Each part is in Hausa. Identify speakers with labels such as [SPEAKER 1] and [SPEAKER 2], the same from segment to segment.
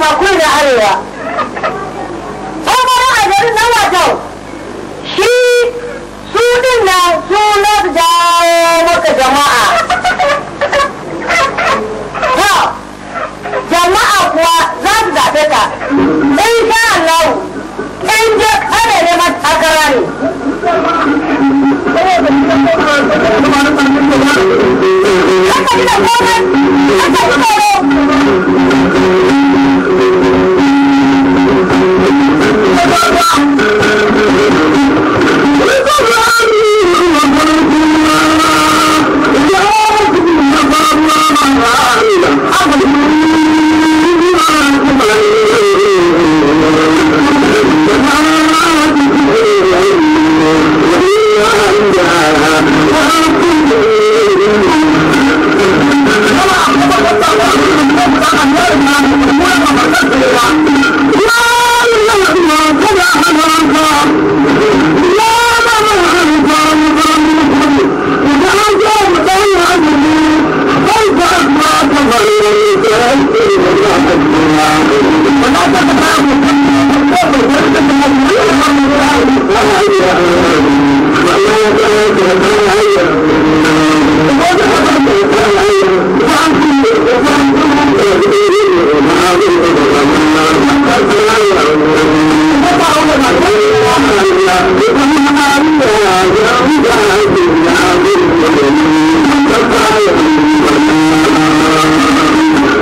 [SPEAKER 1] yamma kudu da arewa tsohon a garin na wato shi su din na su na jawo maka jama'a to jama'a kuwa za su zaɓe ka in sha Allah in je kare ne matakara ne
[SPEAKER 2] Thank you. Thank you.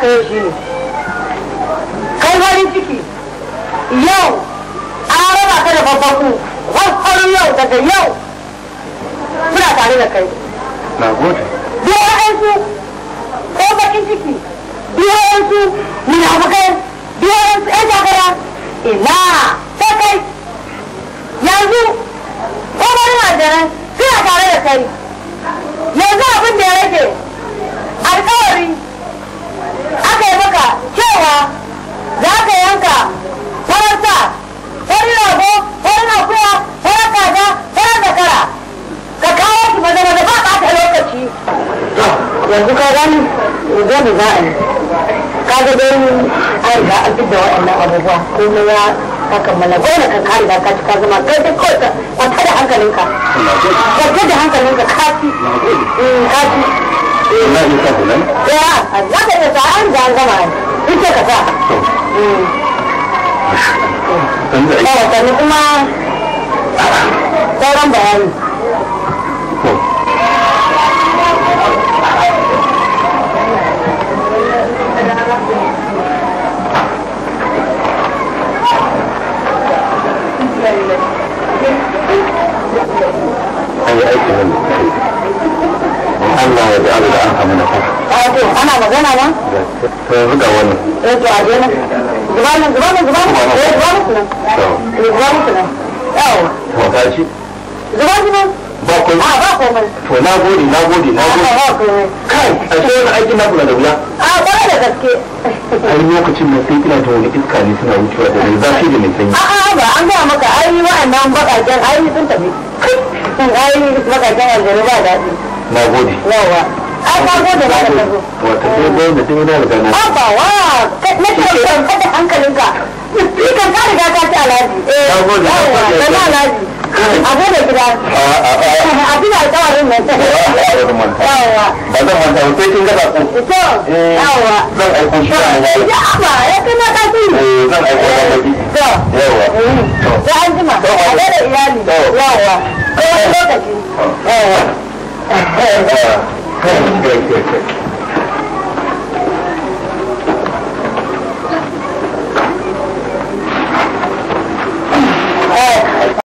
[SPEAKER 1] ranka ne kai farin ciki yau an raba ka da babbaku farfarin yau daga yau muna tare da kai na yansu ko bakin ciki biyoyinsu munafukai biyoyinsu yan takara ina sai kai babu za a yi kaga dai an riga an fi da waɗannan abubuwa na ya haka mana gwamna kan kari ka zama kai dai kawai kwanta da hankalinka kwanta da hankalinka kafi kafi ka eh. sauran bayani magana ba? to yanzu ga wani eh to aje na zuba nan zuba nan zuba nan eh zuba nan to eh, zuba nan yawa to ka ci zuba su nan ba komai ah, ba komai to na gode na gode na gode ah, kai a ce wani aikin na kula da wuya a ah, kwarai da gaske ai lokacin nan sai kina ta iska ne suna wucewa da ne zafi da mai sanyi a'a ba an gaya maka ai wa'annan bakaken ai sun tafi ai bakaken aljanu ba daɗi na gode yawa na gode ma wa ka riga ka ci alaji eh, a a a jima a Great, great, great.